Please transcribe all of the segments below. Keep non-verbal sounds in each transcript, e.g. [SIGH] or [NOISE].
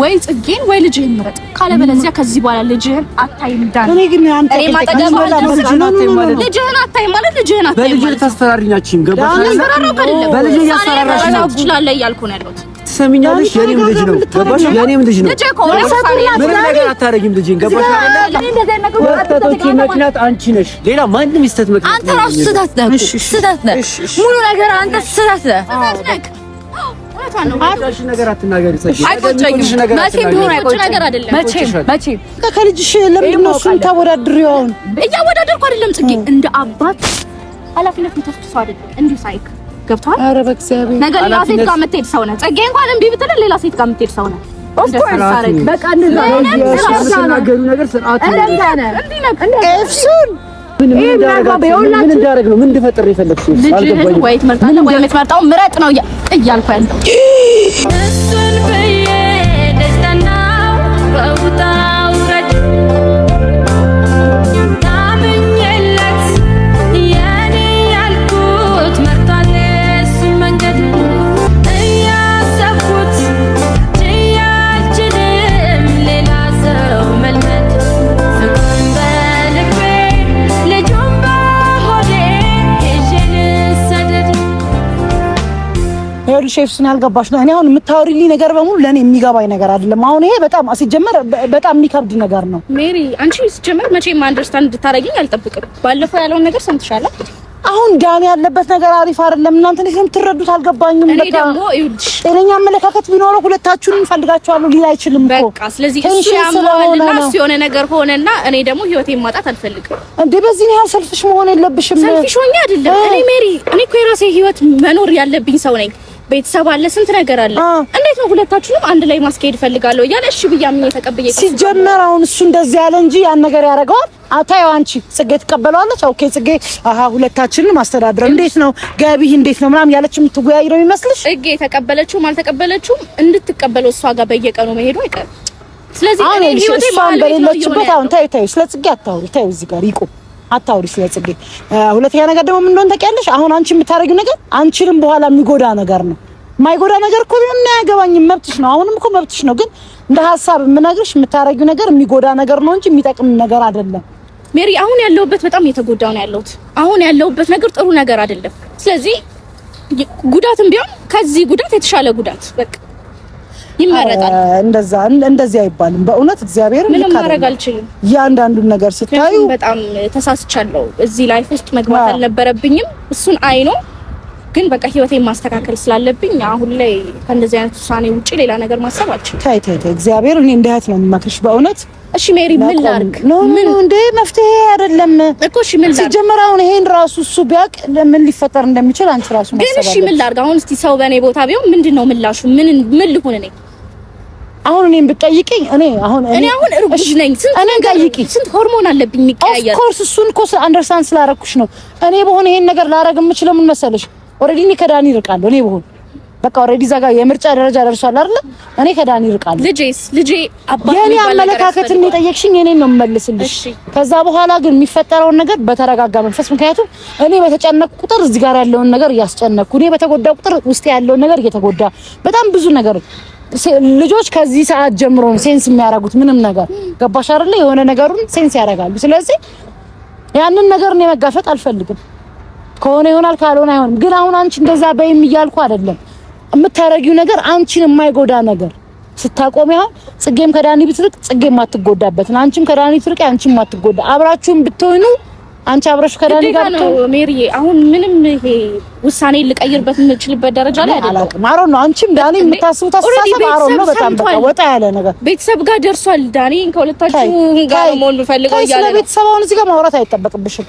ወይ ጽጌን ወይ ልጅህን ምረጥ። ካለበለዚያ ከዚህ በኋላ ልጅህን አታይም። ዳን እኔ ግን አንተ ልጅህን አታይም ማለት ልጅህን አታይም። በልጅ ልታስፈራሪኛችሁም ገባሽ? በልጅ እያስፈራራሽ ነው ትችላለህ እያልኩ ነው ያለሁት። ትሰሚኛለሽ? የኔም ልጅ ነው ገባሽ? የኔም ልጅ ነው። ምንም ነገር አታረጊም። ልጅ ገባሽ? ስህተቶች ምክንያት አንቺ ነሽ፣ ሌላ ማንም ይስተት ምክንያት አንተ ራሱ ስህተት ነህ። ስህተት ነህ። ሙሉ ነገር አንተ ስህተት ነህ። እውነቷ ነው። ነገር አትናገሪ። አይቆጨኝም፣ መቼም ቢሆን ነገር አይደለም። መቼም መቼም ከልጅሽ ለምንድን ነው እሱን ታወዳድሪው? አሁን እያወዳደርኩ አይደለም ጽጌ፣ እንደ አባት ኃላፊነት የምትወስድ ሰው አይደለም። እንዲሁ ሳይክ ገብቷል። ኧረ በእግዚአብሔር ነገ ሌላ ሴት ጋር የምትሄድ ሰው ነህ ጽጌ። እንኳን እምቢ ብትል ሌላ ሴት ጋር የምትሄድ ሰው ነህ። በቃ እንደዛ ነው። ምን ይኸውልሽ ኤፍሱን ያልገባሽ ነው። እኔ አሁን የምታወሪልኝ ነገር በሙሉ ለእኔ የሚገባኝ ነገር አይደለም። አሁን ይሄ በጣም ሲጀመር በጣም የሚከብድ ነገር ነው። ሜሪ አንቺ ሲጀመር መቼም አንደርስታንድ እንድታረጊኝ አልጠብቅም። ባለፈው ያለውን ነገር ሰምተሻል። አሁን ዳኒ ያለበት ነገር አሪፍ አይደለም። እናንተ ልጅ የምትረዱት አልገባኝም። በቃ ጤነኛ አመለካከት ቢኖረው ሁለታችሁን እንፈልጋችኋለሁ ሊል አይችልም እኮ በቃ። ስለዚህ እሺ አምሮልና ሲሆነ ነገር ሆነና እኔ ደግሞ ህይወቴን ማጣት አልፈልግም። እንዴ በዚህ ነው ሰልፍሽ መሆን የለብሽም። ሰልፍሽ ሆኜ አይደለም እኔ ሜሪ፣ እኔ እኮ የራሴ ህይወት መኖር ያለብኝ ሰው ነኝ። ቤተሰብ አለ፣ ስንት ነገር አለ። እንዴት ነው ሁለታችሁንም አንድ ላይ ማስኬድ ፈልጋለሁ እያለ እሺ ብያ ምን ተቀብዬ ሲጀመር አሁን እሱ እንደዚህ ያለ እንጂ ያን ነገር ያደርገዋል። አታየው አንቺ ጽጌ ትቀበለዋለች። ኦኬ ጽጌ አሃ ሁለታችንን ማስተዳደር እንዴት ነው ገቢህ እንዴት ነው ምናምን ያለች የምትወያይ ነው የሚመስልሽ? ጽጌ ተቀበለችውም አልተቀበለችውም እንድትቀበለው እሷ ጋር በየቀኑ መሄዱ አይቀርም። ስለዚህ እኔ ህይወቴ ባለ በሌለችበት አሁን ታዩ ታዩ ስለ ጽጌ አታውሪ ታዩ እዚህ ጋር ይቁም አታውሪ ስለ ጽጌ። ሁለተኛ ነገር ደግሞ ምን እንደሆነ ታውቂያለሽ? አሁን አንቺ የምታደርጊው ነገር አንቺንም በኋላ የሚጎዳ ነገር ነው። የማይጎዳ ነገር እኮ ምን አያገባኝም፣ መብትሽ ነው። አሁንም እኮ መብትሽ ነው፣ ግን እንደ ሀሳብ የምነግርሽ የምታደርጊው ነገር የሚጎዳ ነገር ነው እንጂ የሚጠቅም ነገር አይደለም። ሜሪ፣ አሁን ያለሁበት በጣም የተጎዳው ነው ያለሁት። አሁን ያለሁበት ነገር ጥሩ ነገር አይደለም። ስለዚህ ጉዳትም ቢሆን ከዚህ ጉዳት የተሻለ ጉዳት በቃ ይመረጣል። እንደዚህ አይባልም። በእውነት እግዚአብሔር ምንም ማድረግ አልችልም። እያንዳንዱን ነገር ስታዩ በጣም ተሳስቻለሁ። እዚህ ላይፍ ውስጥ መግባት አልነበረብኝም። እሱን አይ ነው ግን በቃ ህይወቴን ማስተካከል ስላለብኝ አሁን ላይ ከእንደዚህ አይነት ውሳኔ ውጭ ሌላ ነገር ማሰብ አልችል። ታይ ታይ ታይ እግዚአብሔር እኔ እንደ እህት ነው የምመክርሽ በእውነት። እሺ ሜሪ ምን ላድርግ? ምን እንደ መፍትሄ አይደለም እኮ እሺ ምን ላድርግ? ሲጀመር አሁን ይሄን ራሱ እሱ ቢያውቅ ምን ሊፈጠር እንደሚችል አንቺ ራሱ ማሰብ ግን እሺ ምን ላድርግ? አሁን እስቲ ሰው በእኔ ቦታ ቢሆን ምንድን ነው ምላሹ? ምን ምን ልሁን እኔ አሁን እኔም ብትጠይቂኝ እኔ አሁን እኔ አሁን እርጉዝ ነኝ። ስንት ሆርሞን አለብኝ የሚቀያየር። ኦፍ ኮርስ እሱን እኮ አንደርስታንድ ስላደረኩሽ ነው። እኔ በሆነ ይሄን ነገር ላደርግ የምችለው ምን መሰለሽ ኦልሬዲ እኔ ከዳኒ እርቃለሁ። እኔ ብሆን በቃ ኦልሬዲ እዛ ጋር የምርጫ ደረጃ ደርሷል አይደል? እኔ ከዳኒ እርቃለሁ። ልጄስ ልጄ አባት የኔ አመለካከትን የጠየቅሽኝ እኔ ነው የምመልስልሽ። ከዛ በኋላ ግን የሚፈጠረውን ነገር በተረጋጋ መንፈስ፣ ምክንያቱም እኔ በተጨነቅኩ ቁጥር እዚህ ጋር ያለውን ነገር እያስጨነቅኩ፣ እኔ በተጎዳ ቁጥር ውስጥ ያለውን ነገር እየተጎዳ በጣም ብዙ ነገር ልጆች ከዚህ ሰዓት ጀምሮ ሴንስ የሚያደርጉት ምንም ነገር ገባሽ አይደል? የሆነ ነገሩን ሴንስ ያደርጋሉ። ስለዚህ ያንን ነገር እኔ መጋፈጥ አልፈልግም። ከሆነ ይሆናል፣ ካልሆነ አይሆንም። ግን አሁን አንቺ እንደዛ በይም እያልኩ አይደለም። የምታረጊው ነገር አንቺን የማይጎዳ ነገር ስታቆም ያህል ጽጌም ከዳኒ ብትርቅ ጽጌም የማትጎዳበትን አንቺም ከዳኒ ትርቅ አንቺም የማትጎዳ አብራችሁም ብትሆኑ አንቺ አብረሽ ከዳኒ ጋር ነው ሜሪ። አሁን ምንም ይሄ ውሳኔ ልቀይርበት የምችልበት ደረጃ ላይ አይደለም። አሮ ነው አንቺም ዳኒ የምታስቡት አስተሳሰብ አሮ ነው። በጣም በቃ ወጣ ያለ ነገር ቤተሰብ ጋር ደርሷል። ዳኒ ከሁለታችሁ ጋር መሆን ብፈልገው እያለ ነው። ስለቤተሰብ አሁን እዚህ ጋር ማውራት አይጠበቅብሽም።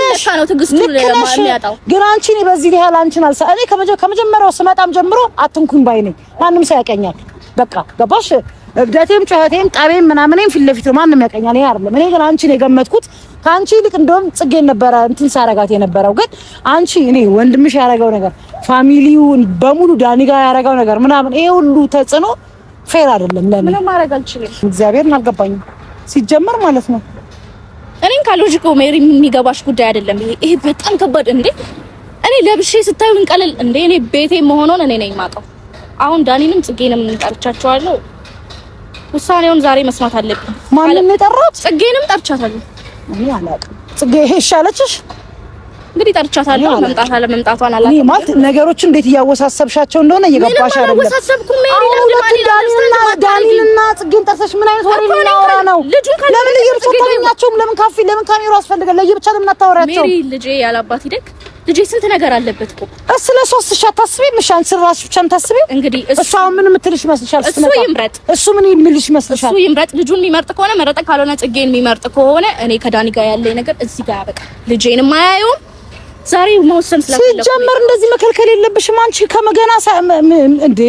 ነሽ ነው ትዕግስቱን የሚያጣው። ግን አንቺ እኔ በዚህ ላይ አንቺን አልሳ እኔ ከመጀመሪያው ስመጣም ጀምሮ አትንኩኝ ባይ ነኝ። ማንም ሰው ያቀኛል። በቃ ገባሽ? እብደቴም ጩኸቴም ጠቤም ምናምንም ፊት ለፊት ማንም ያቀኛል። እኔ አይደለም እኔ ግን አንቺን የገመትኩት ከአንቺ ይልቅ እንደውም ጽጌ ነበረ እንትን ሳረጋት የነበረው ግን አንቺ እኔ ወንድምሽ ያረገው ነገር ፋሚሊውን በሙሉ ዳኒ ጋር ያረገው ነገር ምናምን ይሄ ሁሉ ተጽዕኖ ፌር አይደለም ለኔ። ምንም ማረግ አልችልም። እግዚአብሔርን አልገባኝም ሲጀመር ማለት ነው። እኔን ካሎጂኮ ሜሪ የሚገባሽ ጉዳይ አይደለም። ይሄ ይሄ በጣም ከባድ እንዴ! እኔ ለብሼ ስታዩ እንቀልል እንዴ! እኔ ቤቴ መሆኑን እኔ ነኝ የማውቀው። አሁን ዳኒንም ጽጌንም እንጠርቻቸዋለሁ። ውሳኔውን ዛሬ መስማት አለብኝ። ማንንም ጠራት? ጽጌንም ጠርቻታለሁ። እኔ አላውቅም። ጽጌ ይሄ ይሻለችሽ እንግዲህ ጠርቻታለሁ። መምጣት አለ መምጣቷን አላውቅም። ማለት ነገሮች እንዴት እያወሳሰብሻቸው እንደሆነ እየገባሽ አይደለም። አወሳሰብኩም ዳኒንና ጽጌን ጠርሰሽ ምን አይነት ወሬ ልናወራ ነው? ለምን ለየብቻ ታገኛቸውም? ለምን ካፊ ለምን ካሜራ ያስፈልጋል? ለየብቻ ለምን አታወራቸው? ሜሪ ልጄ ያላባት ሂደክ ልጄ ስንት ነገር አለበት እኮ እሱ ለሶስት ሺህ አታስቢም? እሺ አንቺ እራስሽ ብቻ የምታስቢው እንግዲህ እሱ አሁን ምን የምትልሽ ይመስልሻል? እሱ ይምረጥ፣ እሱ ምን የሚልሽ ይመስልሻል? እሱ ይምረጥ። ልጁን የሚመርጥ ከሆነ መረጠ፣ ካልሆነ ጽጌን የሚመርጥ ከሆነ እኔ ከዳኒ ጋር ያለኝ ነገር እዚህ ጋር ያበቃል። ልጄንም አያየውም ዛሬ መወሰን ስለፈለኩ ሲጀመር እንደዚህ መከልከል የለብሽም አንቺ ከመገና እንዴ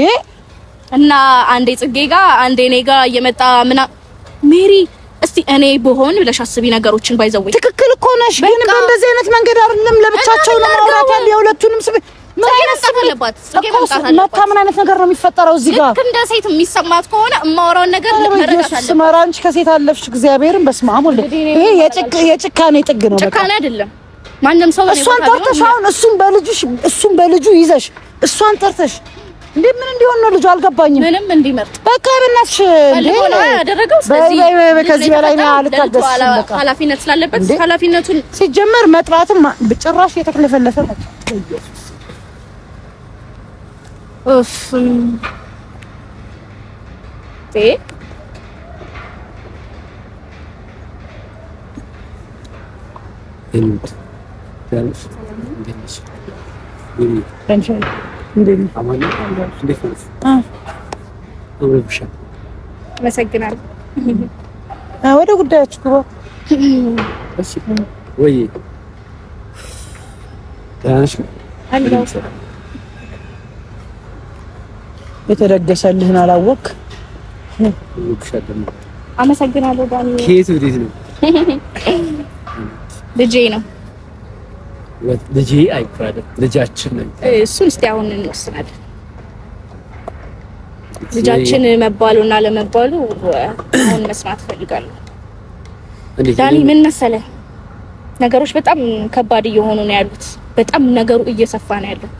እና አንዴ ጽጌ ጋር አንዴ እኔ ጋር እየመጣ ምና ሜሪ እስቲ እኔ በሆን ብለሽ አስቢ። ነገሮችን ባይዘወይ ትክክል እኮ ነሽ፣ ግን በእንደዚህ አይነት መንገድ አይደለም ለብቻቸው ነው ማውራት ያለ የሁለቱንም ስብ ምን አይነት ነገር ነው የሚፈጠረው እዚህ ጋር? ልክ እንደ ሴት የሚሰማት ከሆነ እማወራውን ነገር ልመረዳት አለ። ከሴት አለፍሽ። እግዚአብሔርን ይሄ የጭካኔ ጥግ ነው። ጭካኔ አይደለም። ማንም ሰው እሷን ጠርተሽ አሁን እሱን በልጅሽ እሱን በልጁ ይዘሽ እሷን ጠርተሽ እንዴ ምን እንዲሆን ነው ልጁ? አልገባኝም። ምንም እንዲመርጥ በቃ በእናትሽ ያደረገው ስለዚህ ከዚህ በላይ ነው አልታገስም። በቃ ኃላፊነት ስላለበት ኃላፊነቱን ሲጀመር መጥራትም በጭራሽ የተክለፈለፈ ነው። ኡፍ እ አመሰግናለሁ። ወደ ጉዳያችሁ ግባ። ወይ የተደገሰልህን አላወቅ። አመሰግናለሁ። ዳኒ ከየት ወዴት ነው? ልጄ ነው። ልጅ አይባልም ልጃችን ነው። እሱን እስቲ አሁን እንወስናለን። ልጃችን መባሉና ለመባሉ አሁን መስማት ፈልጋለሁ። ዳኒ ምን መሰለህ፣ ነገሮች በጣም ከባድ እየሆኑ ነው ያሉት። በጣም ነገሩ እየሰፋ ነው ያለው።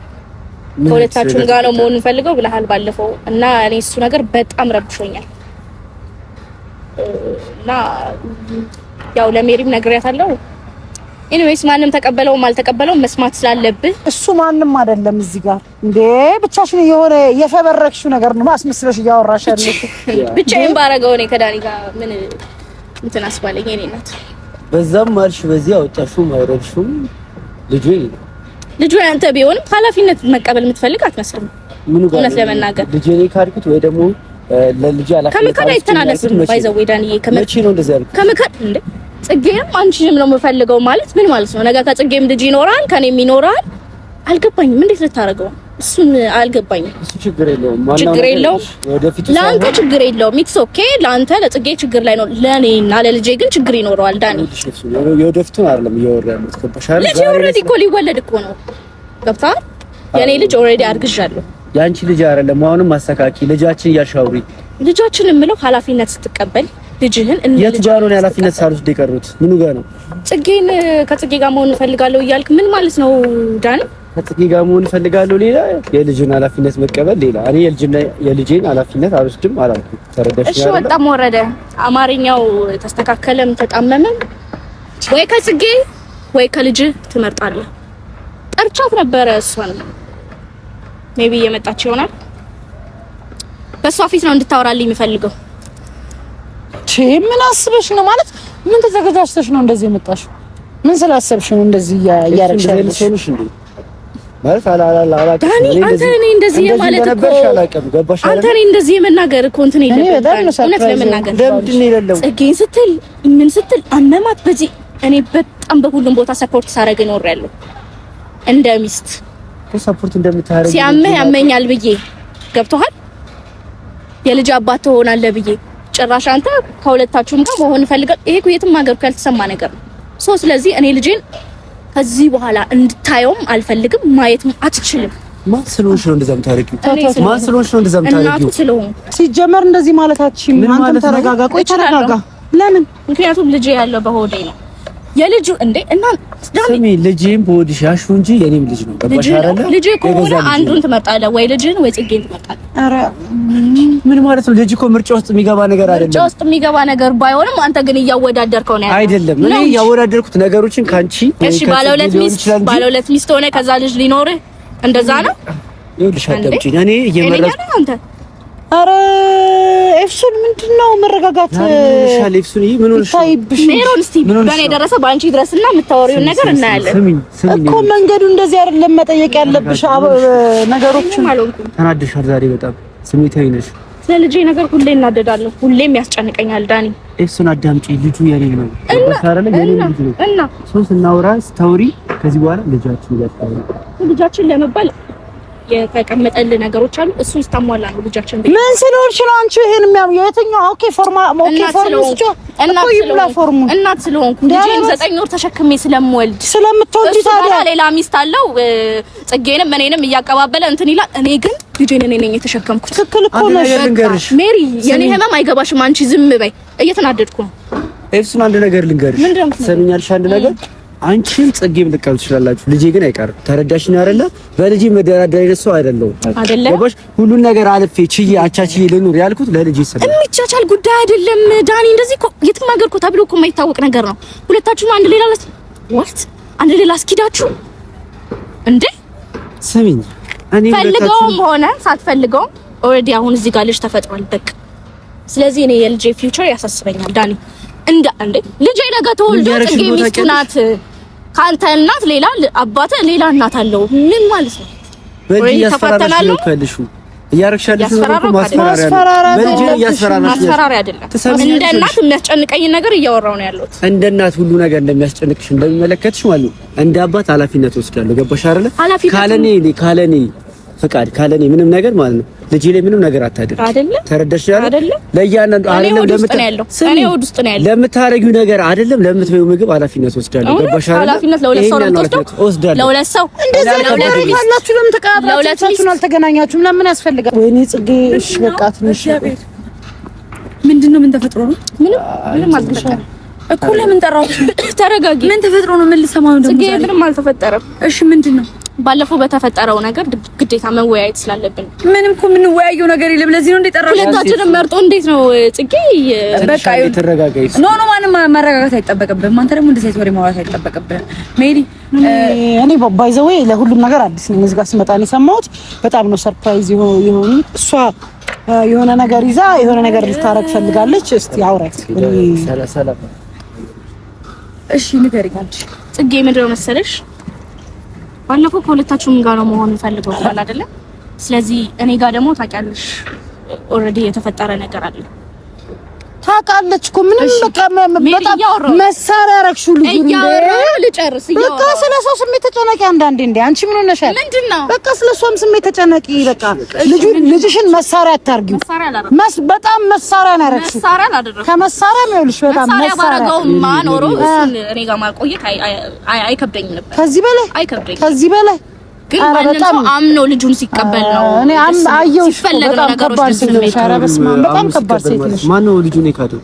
ከሁለታችሁም ጋር ነው መሆኑን ፈልገው ብለሃል ባለፈው እና እኔ እሱ ነገር በጣም ረብሾኛል እና ያው ለሜሪም ነግሬያታለሁ ኢኒዌይስ ማንም ተቀበለውም አልተቀበለውም መስማት ስላለብህ እሱ ማንም አይደለም። እዚህ ጋር እንዴ ብቻሽን የሆነ የፈበረክሽው ነገር ነው አስመስለሽ እያወራሽ ያለሽ። ብቻዬን ባረገው እኔ ከዳኒ ጋር ምን እንትን አስባለኝ። የኔ ናት። በዛም ማርሽ በዚህ አወጣሽው ማውረድሽው ልጁ ልጁ አንተ ቢሆንም ኃላፊነት መቀበል የምትፈልግ አትመስልም። ምን ጋር እውነት ለመናገር ልጅ እኔ ካልኩት ወይ ደግሞ ለልጄ አላከለ ከመከራ ይተናነስ ባይዘው ወይ ዳኒ ከመቼ ነው እንደዚህ ያልኩት ከመከራ እንዴ ጽጌንም አንቺንም ነው የምፈልገው ማለት ምን ማለት ነው? ነገ ከጽጌም ልጅ ይኖራል ከኔም ይኖራል። አልገባኝም። እንዴት ልታደርገው? እሱን አልገባኝም። ችግር የለውም፣ ችግር የለውም። ለአንተ ችግር የለውም። ኢትስ ኦኬ። ለአንተ ለጽጌ ችግር ላይ ነው፣ ለእኔና ለልጄ ግን ችግር ይኖረዋል። ዳኒ የወደፊቱን አይደለም እያወራ ያለው ተከበሻል። ልጄ ኦልሬዲ እኮ ሊወለድ እኮ ነው። ገብቶሃል? የእኔ ልጅ ኦልሬዲ አርግዣለሁ። የአንቺ ልጅ አይደለም። አሁንም አስተካኪ ልጃችን እያሻውሪ ልጃችን የምለው ኃላፊነት ስትቀበል ልጅህን የት ጋር ነው የኃላፊነት ሳልወስድ የቀሩት? ምኑ ጋር ነው? ጽጌን ከጽጌ ጋር መሆን እፈልጋለሁ እያልክ ምን ማለት ነው ዳን? ከጽጌ ጋር መሆን እፈልጋለሁ ሌላ፣ የልጅን ኃላፊነት መቀበል ሌላ። እኔ የልጅን ኃላፊነት አልወስድም አላልኩ። ተረዳሽ? እሺ፣ ወጣም ወረደ አማርኛው ተስተካከለም ተጣመመም፣ ወይ ከጽጌ ወይ ከልጅ ትመርጣለህ። ጠርቻት ነበረ እሷን ሜቢ እየመጣች ይሆናል። በእሷ ፊት ነው እንድታወራልኝ የምፈልገው ቼ ምን አስበሽ ነው ማለት ምን ተዘጋጅተሽ ነው እንደዚህ የመጣሽ? ምን ስላሰብሽ ነው እንደዚህ እያረግሽ ማለት እንደዚህ የማለት እኮ አንተ እኔ እንደዚህ የመናገር እኮ እንትን የለብህም። ጽጌን ስትል ምን ስትል አመማት። በዚህ እኔ በጣም በሁሉም ቦታ ሰፖርት ሳደርግ እኖራለሁ እንደ ሚስት ሲያምህ ያመኛል ብዬ ገብቶሃል። የልጅ አባት ትሆናለህ ብዬ ጭራሽ አንተ ከሁለታችሁም ጋር መሆን ፈልጋል። ይሄ የትም ሀገር እኮ ያልተሰማ ነገር ነው። ሶ ስለዚህ እኔ ልጄን ከዚህ በኋላ እንድታየውም አልፈልግም፣ ማየትም አትችልም። ማን ስለሆንሽ ነው እንደዛ የምታደርጊው? ማን ስለሆንሽ ነው እንደዛ የምታደርጊው? ሲጀመር እንደዚህ ማለታችን አንተም ተረጋጋ። ቆይ ተረጋጋ። ለምን? ምክንያቱም ልጄ ያለው በሆዴ ነው የልጁ እንዴ እና ስሚ ልጅም ቦዲ ያሹ እንጂ የኔም ልጅ ነው። ልጅ አይደለ? ልጅ ከሆነ አንዱን ትመርጣለህ ወይ ልጅን ወይ ጽጌን ትመርጣለህ? ኧረ ምን ማለት ነው? ልጅ እኮ ምርጫ ውስጥ የሚገባ ነገር አይደለም። ምርጫ ውስጥ የሚገባ ነገር ባይሆንም አንተ ግን እያወዳደርከው ነው ያለው። አይደለም እኔ እያወዳደርኩት ነገሮችን ካንቺ። እሺ ባለሁለት ሚስት ባለሁለት ሚስት ሆነ ከዛ ልጅ ሊኖርህ እንደዛ ነው። ይኸውልሽ አዳምጪኝ እኔ እየመረጥኩ አረ ኤፍሱን ምንድነው? መረጋጋት ሻል ኤፍሱን፣ ይሄ ምን ሆነሽ? ሜሮን እስቲ በእኔ የደረሰ በአንቺ ድረስና የምታወሪውን ነገር እናያለን እኮ። መንገዱ እንደዚህ አይደለም መጠየቅ ያለብሽ ነገሮችን። ተናድሻል ዛሬ በጣም ስሜታዊ ነሽ። ስለ ነገር ሁሌ እናደዳለሁ፣ ሁሌም ያስጨንቀኛል። ዳኒ ኤፍሱን አዳምጪ፣ ልጁ የኔ ነው። ተሳረለ እና ሶስት እናውራ ስታውሪ ከዚህ በኋላ ልጃችን ልጃችን ለመባል የተቀመጠል ነገሮች አሉ። እሱን ስታሟላ ነው ልጃችን። ምን ስለሆንሽ ነው አንቺ ይሄን የሚያምየው? የትኛው ኦኬ ፎርማ ኦኬ ፎርም ስጮ እኮ ይብላ ፎርሙ እናት ስለሆንኩ ልጄን ዘጠኝ ወር ተሸክሜ ስለምወልድ ስለምትወልድ ታዲያ ሌላ ሚስት አለው ጽጌንም እኔንም እያቀባበለ እንትን ይላል። እኔ ግን ልጄን እኔ ነኝ የተሸከምኩት። ትክክል እኮ ነሽ ሜሪ። የኔ ህመም አይገባሽም አንቺ። ዝም በይ። እየተናደድኩ ነው። ኤፍሱን አንድ ነገር ልንገርሽ፣ ሰሚኛልሽ? አንድ ነገር አንቺም ጽጌም ልቀም ትችላላችሁ። ልጄ ግን አይቀርም። ተረዳሽኝ አይደለ? በልጄ መደራደር አይነት ሰው አይደለሁም። ገባሽ? ሁሉን ነገር አልፌ ችዬ አቻችዬ ልኑር ያልኩት ለልጄ ስለ የሚቻቻል ጉዳይ አይደለም ዳኒ። እንደዚህ የትም ሀገር እኮ ተብሎ እኮ የማይታወቅ ነገር ነው። ሁለታችሁም አንድ ሌላ ለስ ዋት አንድ ሌላ አስኪዳችሁ እንዴ? ስሚኝ፣ እኔ ፈልገውም ሆነ ሳትፈልገውም ኦልሬዲ አሁን እዚህ ጋር ልጅ ተፈጥሯል። በቃ ስለዚህ እኔ የልጄ ፊውቸር ያሳስበኛል ዳኒ። እንደ አንዴ ልጄ ነገ ተወልዶ ጽጌ ሚስቱ ናት ካንተ እናት ሌላ አባተ ሌላ እናት አለው። ምን ማለት ነው? በእጅ ያስፈራራሽ ነው ከልሹ እያረግሻለሽ ነው። ማስፈራሪያ አይደለም። እንደ እናት የሚያስጨንቀኝ ነገር እያወራው ነው ያለሁት። እንደ እናት ሁሉ ነገር እንደሚያስጨንቅሽ እንደሚመለከትሽ ማለት ነው። እንደ አባት ኃላፊነት ወስዳለሁ። ገባሽ አይደለ? ካለኔ ካለኔ ፍቃድ ካለኔ ምንም ነገር ማለት ነው ልጅ ላይ ምንም ነገር አታደርግ። አይደለ ተረዳሽ? አይደለ ለእያንዳንዱ አይደለም ለምታረጊው ነገር አይደለም ለምትበይው ምግብ ኃላፊነት ወስዳለሁ። ገባሽ? ኃላፊነት እንደዛ ነው ነው? እኮ ለምን ጠራችሁ? ተረጋጊ። ምን ተፈጥሮ ነው? ምን ልሰማው እንደምሳሌ ምንም አልተፈጠረም። እሺ ምንድን ነው ባለፈው በተፈጠረው ነገር ግዴታ መወያየት ስላለብን ምንም እኮ የምንወያየው ነገር የለም። ለዚህ ነው እንደጠራው ሁለታችንም መርጦ እንዴት ነው ጽጌ በቃ ይተረጋጋይ ኖ ኖ ማንም ማረጋጋት አይጠበቅብህም። አንተ ደግሞ እንደዚህ ወሬ ማውራት አይጠበቅብህም። ሜሪ እኔ ባይ ዘ ወይ ለሁሉም ነገር አዲስ ነኝ። እዚህ ጋር ስመጣ ነው የሰማሁት። በጣም ነው ሰርፕራይዝ የሆኑ እሷ የሆነ ነገር ይዛ የሆነ ነገር ልታረግ ፈልጋለች። እስቲ አውራት። እሺ ንገሪኝ አንቺ ጽጌ ምንድን ነው መሰለሽ ባለፈው ከሁለታችሁም ጋር ነው መሆን ፈልገው አይደለ? ስለዚህ እኔ ጋር ደግሞ ታውቂያለሽ ኦልሬዲ የተፈጠረ ነገር አለ ታውቃለች እኮ ምንም በጣም መሳሪያ ያረግሽው ልጅ ልጨርስ በቃ ስለ ሰው ስሜት ተጨነቂ አንዳንዴ እንደ አንቺ ምን ሆነሻል በቃ ስለ እሷም ስሜት ተጨነቂ በቃ ልጅሽን መሳሪያ አታርጊው በጣም መሳሪያ ነው ያረግሽው ከመሳሪያ ነው ይኸውልሽ በጣም መሳሪያ ከዚህ በላይ ከዚህ በላይ ግን ማንም አምኖ ልጁን ሲቀበል ነው። እኔ አየሁሽ በጣም ከባድ ሴት ነሽ። ኧረ በጣም ከባድ ሴት ነሽ። ማነው ልጁን የካደው?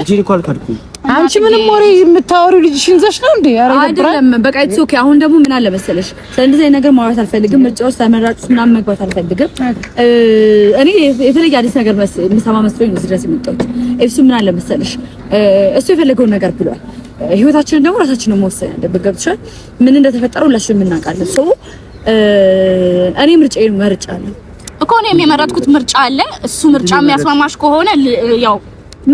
ልጄን እኮ አልካድኩም። አንቺ ምንም ወሬ የምታወሪው ልጅሽን ይዘሽ ነው እንዴ? ኧረ አይደለም። በቃ ኢትስ ኦኬ። አሁን ደግሞ ምን አለ መሰለሽ፣ ስለዚህ ነገር ማውራት አልፈልግም። ምርጫዎች ተመራጭ ምናምን መግባት አልፈልግም። እኔ የተለየ አዲስ ነገር የምሰማ መስሎኝ እዚህ ድረስ የመጣሁት። እሱ ምን አለ መሰለሽ፣ እሱ የፈለገውን ነገር ብሏል። ህይወታችንን ደግሞ ራሳችንን መወሰን ያለብን ገብቶሻል። ምን እንደተፈጠረ ሁላችንም እናውቃለን። ሰው እኔ ምርጫ መርጫ አለ እኮ እኔም የመረጥኩት ምርጫ አለ። እሱ ምርጫ የሚያስማማሽ ከሆነ ያው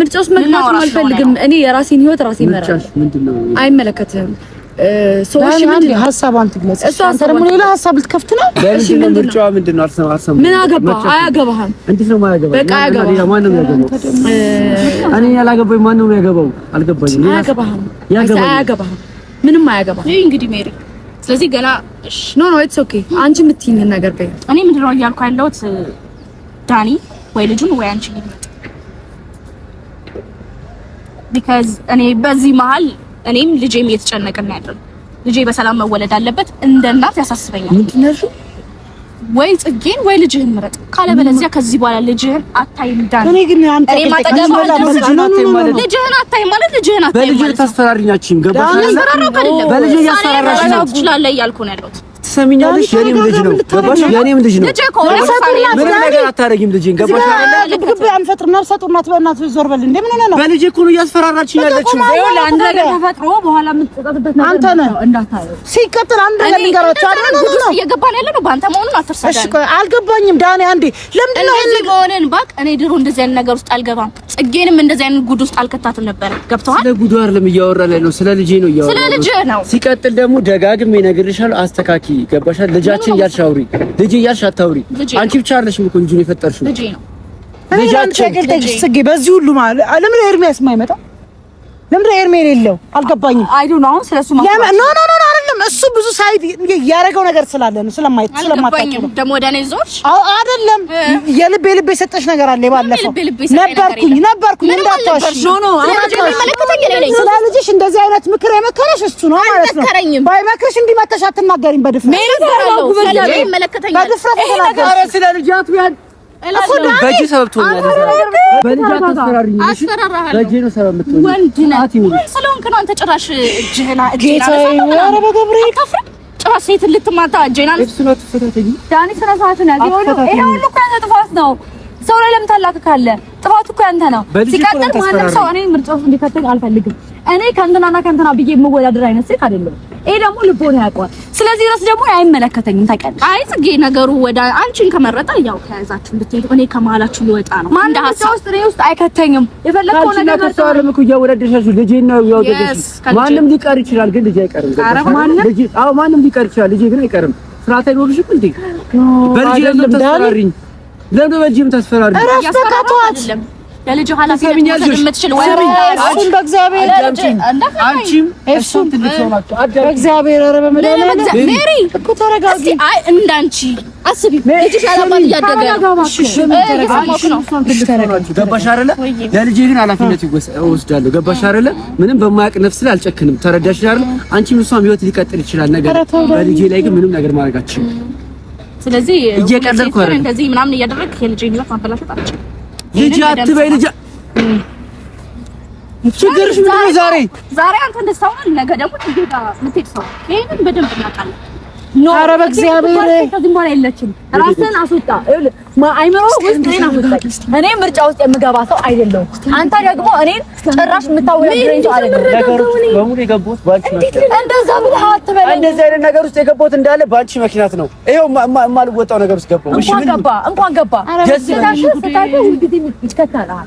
ምርጫ ውስጥ መግባት አልፈልግም። እኔ የራሴን ህይወት ራሴ ይመራል። አይመለከትም ሰዎች ምን ሀሳቧን ትግለጽ። አንተ ደግሞ ሌላ ሀሳብ ልትከፍት ነው። ለምን ምርጫዋ ስለዚህ ገና ኖ ኖ ኢትስ ኦኬ። አንቺ የምትይኝ ነገር በይ። እኔ ምንድን ነው እያልኩ ያለሁት ዳኒ ወይ ልጁን ወይ አንቺ ቢካዝ እኔ በዚህ መሀል እኔም ልጄም እየተጨነቅን ያለን። ልጄ በሰላም መወለድ አለበት። እንደ እናት ያሳስበኛል። ወይ ጽጌን ወይ ልጅህን ምረጥ፣ ካለበለዚያ ከዚህ በኋላ ልጅህን አታይም። ዳን እኔ ግን አንተ ልጅህን አታይም ማለት ልጅህን አታይም ማለት ልጅህን አታይም ማለት ልጅህን ታስፈራሪኛችሁም ገባሽ? በልጅህ እያስፈራራሽ ነው ትችላለህ እያልኩ ነው ያለሁት ትሰሚኛለሽ? የኔም ልጅ ነው ገባሽ? የኔም ልጅ ነው። ምንም ነገር ገባሽ? ግብግብ ነፍሰ ጡር ናት። ዞር በል ሆነህ ነው? እኮ ነው እያስፈራራችኝ ያለችው። አንተ ነህ። ሲቀጥል አንድ ነገር ልንገራቸው ውስጥ እየገባን ያለ ነው። በአንተ መሆኑን አትርሳ። አልገባኝም። አንዴ ለምንድን ነው እንደዚህ እኔ ድሮ እንደዚህ አይነት ነገር ውስጥ አልገባም። ጽጌንም እንደዚህ አይነት ጉድ ውስጥ አልከታትም ነበረ። ስለ ጉዱ አይደለም ስለ ልጄ ነው ስለ ልጄ ነው። ሲቀጥል ደግሞ ደጋግሜ እነግርሻለሁ ገባሻል? ልጃችን እያልሽ አውሪ፣ ልጅ እያልሽ አታውሪ። አንቺ ብቻ አይደለሽም እኮ እንጂ የፈጠርሽው ልጅ ነው። በዚህ ሁሉ ማለት ለምን ኤርሚያስ የማይመጣ ለምን ኤርሚያ የሌለው አልገባኝም። አይ ዶንት ኖ አሁን ስለሱ ማለት ኖ ኖ ኖ ሳይድ ያደረገው ነገር ስላለን ስለማይት ስለማታውቂው ደግሞ ወደ እኔ ዞርሽ። አይደለም የልብ የልብ የሰጠሽ ነገር አለ። ባለፈው ነበርኩኝ ነበርኩኝ እንዳታወሽ ስለ ልጅሽ እንደዚህ አይነት ምክር የመከረሽ እሱ ነው ማለት ነው። ባይመክርሽ እንዲመተሽ አትናገሪም በድፍረት በእጅ ሰበብ ትሆኛለሽ። በልጅ አታስፈራሪኝ። በእጅ ነው ሰበብ የምትሆኝ። ወንድ ነህ ስለሆንክ ነው አንተ ጭራሽ እጅህና ጭራሽ ሴት ልትማታ እጄና ዳኒ ስነ ስርዓት ነው። ይሄ ሁሉ እኮ ያንተ ጥፋት ነው። ሰው ላይ ለምን ታላክካለህ? ጥፋቱ እኮ ያንተ ነው። ሲቀጥል ማንም ሰው እኔ ምርጫው እንዲከተል አልፈልግም። እኔ ከእንትናና ከእንትና ብዬ የምወዳደር አይነት ሴት አይደለም። ይሄ ደግሞ ልቦና ያውቀዋል። ስለዚህ ድረስ ደግሞ አይመለከተኝም። ታውቂያለሽ። አይ ጽጌ፣ ነገሩ ወደ አንቺን ከመረጠ ያው ከያዛችሁ ብትሄዱ እኔ ከመሀላችሁ ልወጣ ነው። ማን ሰው ውስጥ እኔ ውስጥ አይከተኝም። የፈለከው ነገር ነው። ታውቃለህ እኮ እያወዳደርሻችሁ ልጄ ነው ያወደደሽ። ማንም ሊቀር ይችላል፣ ግን ልጄ አይቀርም። ማንም ልጄ አዎ፣ ማንም ሊቀር ይችላል፣ ልጄ ግን አይቀርም። ስርዓት አይኖርሽም እንዴ? በልጄ ለምን ተሰራሪኝ ለምን በልጅም ተስፈራሪ? ያስፈራቷት ለልጅ ኃላፊነት ወይ አንቺም በእግዚአብሔር አንቺም በእግዚአብሔር ሜሪ እኮ ተረጋጊ። አይ አስቢ። ገባሽ አይደለ? ኃላፊነት ወስዳለሁ። ገባሽ አይደለ? ምንም በማያውቅ ነፍስ ላይ አልጨክንም። ተረዳሽ አይደለ? አንቺም እሷም ህይወት ሊቀጥል ይችላል ነገር በልጄ ላይ ግን ምንም ነገር ማድረግ ስለዚህ እየቀለድኩ ነው። እንደዚህ ምናምን እያደረግክ የልጄን ህይወት ማበላሸት አልችልም። አትበይ ልጄ ችግርሽ ምንድን ነው? ዛሬ ዛሬ አንተ እንደሳውናል ነገ ደግሞ ትንገዳ ምትሄድ ሰው ይሄንን በደንብ እናውቃለን። ኧረ በእግዚአብሔር ከዚህም በኋላ የለችም። ራስን አስወጣ አይምሮ ውስጥ እኔ ምርጫ ውስጥ የምገባ ሰው አይደለሁም። አንተ ደግሞ እኔን ጭራሽ የምታወያየኝ ሰው ነገር ውስጥ የገባሁት እንዳለ በአንቺ መኪናት ነው። ይኸው የማልወጣው ነገር ውስጥ ገባሁ። እንኳን ገባ እንኳን ገባ ስታሽ ስታሽ ሁልጊዜ ይከተልሃል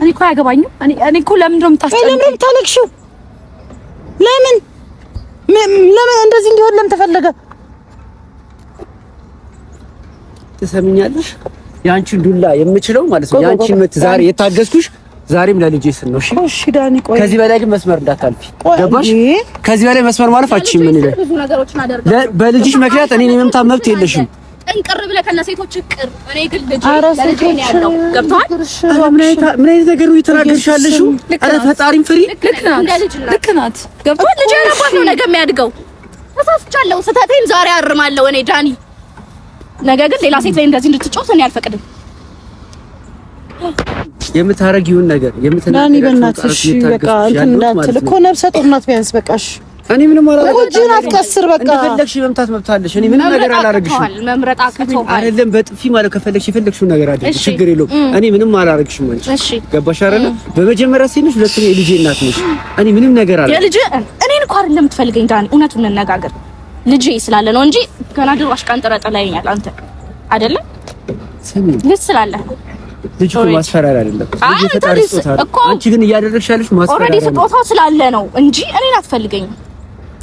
እኔ እኮ አያገባኝም። እኔ እኮ ለምን ነው የምታስጨንቀው? ለምን ለምን እንደዚህ እንዲሆን ለምን ተፈለገ? ትሰምኛለሽ? የአንቺን ዱላ የምችለው ማለት ነው የአንቺን ምት ዛሬ የታገዝኩሽ ዛሬም ለልጄ ስል ነው። እሺ ዳኒ፣ ቆይ ከዚህ በላይ ግን መስመር እንዳታልፊ ገባሽ? ከዚህ በላይ መስመር ማለፍ አትችይም። ምን ይላል? በልጅሽ ምክንያት እኔ የመምታት መብት የለሽም። ጥንቅር ብለህ ከእነ ሴቶች ቅር። እኔ ግን ልጅ ለልጅ ያለው። ገብቶሃል? ምን አይነት ነገር ነው የተናገርሻለሽ? ኧረ ፈጣሪም ፍሪ። ልክ ናት። ገብቶሃል? ልጅ ያለባት ነው ነገ የሚያድገው። ተሳስቻለሁ። ስህተቴን ዛሬ አርማለሁ እኔ ዳኒ። ነገ ግን ሌላ ሴት ላይ እንደዚህ እንድትጫወት እኔ አልፈቅድም። የምታረጊውን ነገር የምትናገሪው ዳኒ፣ በእናትሽ በቃ እንትን እንዳትል እኮ ነብሰ ጡር ናት ቢያንስ በቃሽ እኔ ምንም አላደርግም። እጅህን አትቀስር። በቃ እንደፈለግሽ መምታት መብት አለሽ። እኔ ምንም ነገር አላደርግሽም። መምረጥ አቅቶሃል አይደለም። በጥፊ ማለት ከፈለግሽ የፈለግሽውን ነገር አድርጊ፣ ችግር የለውም። እኔ ምንም አላደርግሽም። አንቺ ገባሽ አይደለ? በመጀመሪያ ሴት ነሽ፣ ሁለተኛ የልጄ እናት ነሽ። እኔ ምንም ነገር አለ የልጄ እኔ እኮ አይደለም የምትፈልገኝ ዳኒ፣ እውነቱን እንነጋገር። ልጄ ስላለ ነው እንጂ ገና ድሮ አሽቃንጥረህ ጥለኸኛል። አንተ አይደለም ልጅ ስላለህ ልጅ እኮ ማስፈራሪያ አይደለም። ልጅ ፈጣሪ ስጦታ ነው። አንቺ ግን እያደረግሽ ያለሽ ማስፈራሪያ ኦልሬዲ ስጦታው ስላለ ነው እንጂ እኔን አትፈልገኝም።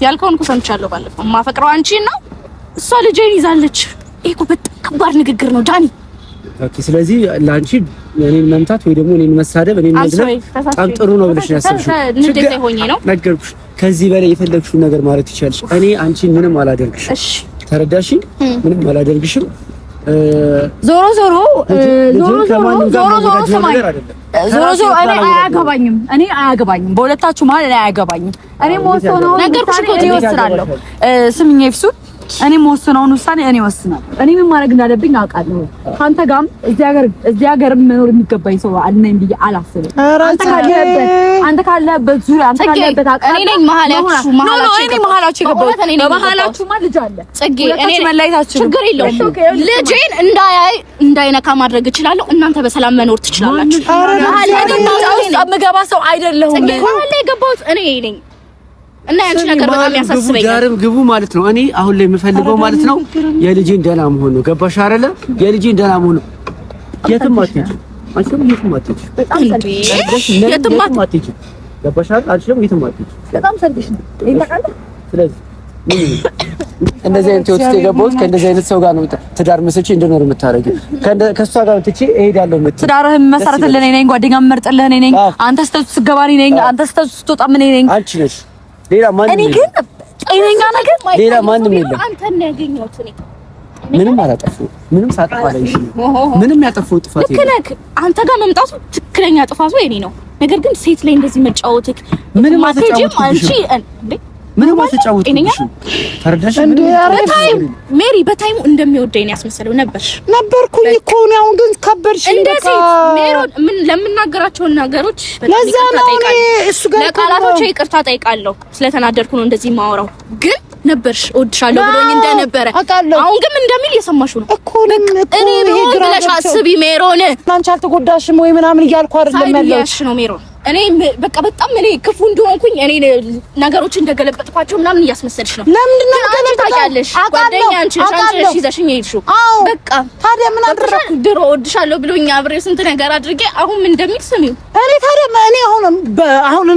ያልከውን እኮ ሰምቻለሁ። ባለፈው የማፈቅረው አንቺን ነው፣ እሷ ልጄን ይዛለች። ይሄ እኮ በጣም ከባድ ንግግር ነው ዳኒ። ኦኬ፣ ስለዚህ ለአንቺ እኔን መምታት ወይ ደግሞ እኔን መሳደብ፣ እኔን መግለጽ በጣም ጥሩ ነው ብለሽ ነው ያሰብሽው። ንዴት ሆኜ ነው ነገርኩሽ። ከዚህ በላይ የፈለግሽውን ነገር ማለት ይቻልሽ። እኔ አንቺን ምንም አላደርግሽም። እሺ፣ ተረዳሽኝ? ምንም አላደርግሽም ዞሮ ዞሮ ዞሮ ዞሮ ዞሮ ዞሮ ሰማይ ዞሮ ዞሮ እኔ አያገባኝም፣ እኔ አያገባኝም፣ በሁለታችሁ መሀል እኔ አያገባኝም። እኔ ሞቶ ነው ነገርኩሽ እኮ ትይወስራለሁ። ስምኝ ይፍሱን እኔ ወስነውን ውሳኔ እኔ ወስናል። እኔ ምን ማድረግ እንዳለብኝ አውቃለሁ። ከአንተ ጋርም እዚህ ሀገር እዚህ ሀገር መኖር የሚገባኝ ሰው አለኝ ብዬ አላስብም። አንተ ካለህበት ዙሪያ አንተ ካለህበት እኔ ነኝ መሀላችሁ መሀላችሁ እኔ መሀላችሁ የገባሁት እኔ ነኝ። ልጅ አለ ጽጌ፣ እኔ ችግር የለውም። ልጄን እንዳያይ እንዳይነካ ማድረግ እችላለሁ። እናንተ በሰላም መኖር ትችላላችሁ። መሀል ላይ ሰው አይደለሁም። መሀል የገባሁት እኔ ነኝ። እና ያቺ ነገር በጣም ያሳስበኛል። ዳርም ግቡ ማለት ነው። እኔ አሁን ላይ የምፈልገው ማለት ነው የልጅን ደህና መሆን ነው። ገባሽ አይደለ? የልጅን ደህና መሆን ነው። የትም አትሄጂም፣ አንቺም የትም አትሄጂም። በጣም አትሄጂም። ገባሽ አይደል? አንቺም የትም አትሄጂም። በጣም ሰልችሽ ነው። ስለዚህ [LAUGHS] እንደዚህ አይነት ህይወት ውስጥ የገባሁት ከእንደዚህ አይነት ሰው ጋር ነው ትዳር መስርቼ እንድኖር የምታደርጊው። ከእሷ ጋር ትቼ እሄዳለሁ የምትል ትዳርህን መሰረትልህ እኔ ነኝ፣ ጓደኛ መርጥልህ እኔ ነኝ፣ አንተ ስተቱ ስትገባ እኔ ነኝ፣ አንተ ስተቱ ስትወጣ እኔ ነኝ። አንቺ ነሽ ሌላ ማንም እኔ ግን ጤነኛ ነገር ሌላ ማንም የለም። አንተን ነው ያገኘሁት እኔ ምንም አላጠፋሁም። ምንም ሳጠፋ ላይ ምንም ያጠፋሁት ጥፋት የለም። ልክ ነህ። አንተ ጋር መምጣቱ ትክክለኛ ጥፋቱ የኔ ነው። ነገር ግን ሴት ላይ እንደዚህ መጫወትክ ምንም አትጫወትም። አንቺ ምንም አትጫወትሽ። ተረዳሽ? ሜሪ በታይሙ እንደሚወደኝ ያስመሰለው ነበር ነበርኩኝ እኮ ነው። አሁን ግን ከበድሽ። እንደዚህ ሜሮን ምን ለምናገራቸውን ነገሮች ለዛ ነው እኔ እሱ ጋር ለቃላቶቼ ይቅርታ ጠይቃለሁ። ስለተናደርኩ ነው እንደዚህ ማወራው። ግን ነበርሽ እወድሻለሁ ብሎኝ እንደነበረ አሁን ግን እንደሚል እየሰማሽ ነው እኮ ነኝ እኮ እኔ ብለሽ አስቢ ሜሮን። አንቺ አልተጎዳሽም ወይ ምናምን እያልኩ አይደለም ያለሁት ነው ሜሮን እኔ በቃ በጣም እኔ ክፉ እንደሆንኩኝ እኔ ነገሮች እንደገለበጥኳቸው ምናምን እያስመሰልሽ ነው። ለምንድን ነው ታውቂያለሽ? ጓደኛ አንቺ አንቺ ይልሹ። የሄድሽው በቃ ታዲያ ምን አድርሽ? ድሮ ወድሻለሁ ብሎኛ አብሬ ስንት ነገር አድርጌ አሁን ምን እንደሚል ስሚው። እኔ ታዲያ እኔ አሁን አሁን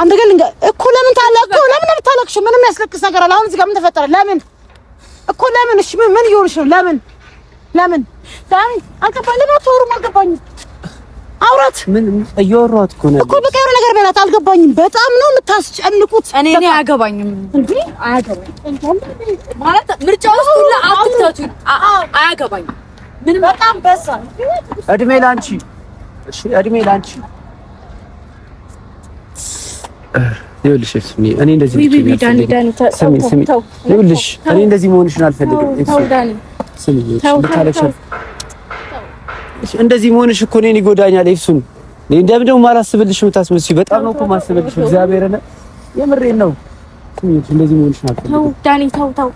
አንተ ግን እኮ ለምን ታላቁ ለምን ታላቅሽ? ምንም ያስለቅስ ነገር አለ። አሁን እዚህ ጋር ምን ተፈጠረ? ለምን እኮ ለምን? እሺ ምን ምን ይሆንሽ ነው? ለምን ለምን ዳኒ አልገባኝም። ለምን አትወሩም? አልገባኝም አውራት ምን እያወራሁት እኮ ነው እኮ በቃ የሆነ ነገር በላት። አልገባኝም። በጣም ነው የምታስጨንቁት። እኔ እኔ አያገባኝም እንዴ አያገባኝም ማለት ምርጫ ውስጥ ሁላ አትክተቱ። አያገባኝም። ምን በጣም በዛ። እድሜ ላንቺ። እሺ እድሜ ላንቺ። ይኸውልሽ ኤፍሱኒ፣ እኔ እንደዚህ እኔ እንደዚህ መሆንሽን አልፈልግም። ኤፍሱኒ ስሚ፣ ልታለቅሽ እንደዚህ መሆንሽ እኮ እኔን ይጎዳኛል። ኤፍሱን እንደምን ደግሞ ማላስብልሽ የምታስመስይው በጣም ነው እኮ ማስብልሽ። እግዚአብሔር ነው የምሬን ነው። እንደዚህ መሆንሽ ነው። ተው ዳኒ ተው ተው።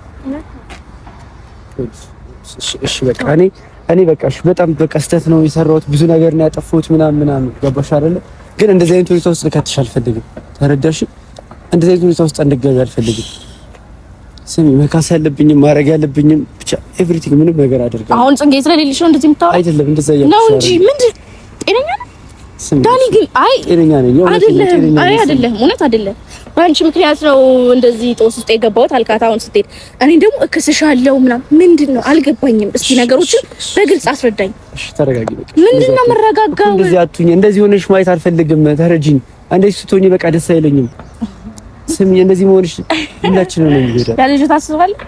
እሺ በቃ እኔ እኔ በቃ እሺ፣ በጣም በቃ ስህተት ነው የሰራሁት፣ ብዙ ነገር ነው ያጠፋሁት ምናምን ምናምን። ገባሽ አይደለ? ግን እንደዚህ አይነት ሁኔታ ውስጥ ልከትሽ አልፈልግም። ተረዳሽ? እንደዚህ አይነት ሁኔታ ውስጥ እንድትገቢ አልፈልግም። ስሚ መካስ ያለብኝም ማድረግ ያለብኝም ብቻ ኤቭሪቲንግ ምንም ነገር አደርጋለሁ። አሁን ጽጌ ስለሌለሽ ነው እንደዚህ የምታወራው? አይደለም እንደዛ ያለ ነው እንጂ ምንድን ጤነኛ ነህ ዳኒ? ግን አይ ጤነኛ ነኝ ነው አይደለም፣ አይ አይደለም፣ እውነት አይደለም። በአንቺ ምክንያት ነው እንደዚህ ጦስ ውስጥ የገባሁት አልካታ። አሁን ስትሄድ እኔ ደግሞ እክስሻለሁ ምናምን ምንድን ነው አልገባኝም። እስኪ ነገሮችን በግልጽ አስረዳኝ። እሺ ተረጋጊ። በቃ ምንድን ነው የምረጋጋው? እንደዚህ አትሁኝ። እንደዚህ ሆነሽ ማየት አልፈልግም። ተረጂኝ። እንደዚህ ስትሆኚ በቃ ደስ አይለኝም። ስም እንደዚህ መሆንሽ [LAUGHS] ሁላችንም ነው የሚጎዳው። ያ ልጅ ታስባለህ።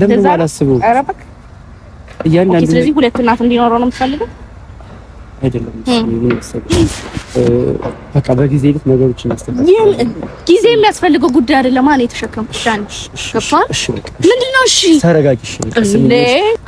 ለምን አላስበውም? ኧረ እባክህ እያንዳንዱ ስለዚህ ሁለት እናት እንዲኖረው ነው የምትፈልገው አይደለም? በቃ በጊዜ ልክ ነገሮችን አስተካክል። ጊዜ የሚያስፈልገው ጉዳይ አይደለም። ማን የተሸከም ምንድን ነው? እሺ ተረጋጊ።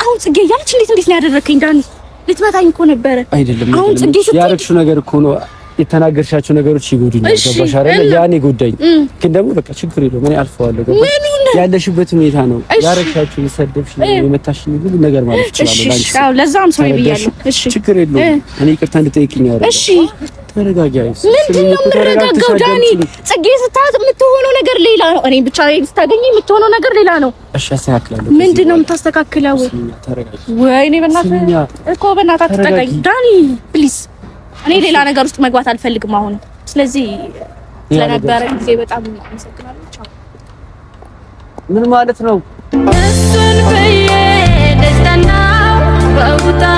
አሁን ጽጌ እያለች እንዴት እንዴት ነው ያደረከኝ ዳኒ? ልትመታኝ እኮ ነበረ። አይደለም አሁን ጽጌ ያደረግሽው ነገር እኮ ነው የተናገርሻቸው ነገሮች ይጎዱኛል። ገባሽ ያኔ ጎዳኝ፣ ግን ደግሞ በቃ ችግር የለውም እኔ አልፈዋለሁ። ገባሽ? ያለሽበት ሁኔታ ነው ያረግሻቸው፣ የሰደብሽ የመታሽኝ ሁሉ ነገር ማለት ይችላል። አዎ፣ ለዛም ሰው ይብያለሁ። እሺ፣ ችግር የለውም እኔ ይቅርታ እንድጠይቅኝ ያረጋል። እሺ፣ ተረጋጋ። ምንድን ነው የምረጋጋው? ዳኒ፣ ጽጌ ስታት የምትሆነው ነገር ሌላ ነው። እኔ ብቻ ስታገኝ የምትሆነው ነገር ሌላ ነው። እሺ፣ አስተካክላለሁ። ምንድን ነው የምታስተካክለው? ወይኔ በእናትህ እኮ በእናትህ አትጠጋኝ ዳኒ ፕሊዝ እኔ ሌላ ነገር ውስጥ መግባት አልፈልግም አሁን። ስለዚህ ስለነበረ ጊዜ በጣም አመሰግናለሁ። ምን ማለት ነው? እሱን ብዬ በውጣ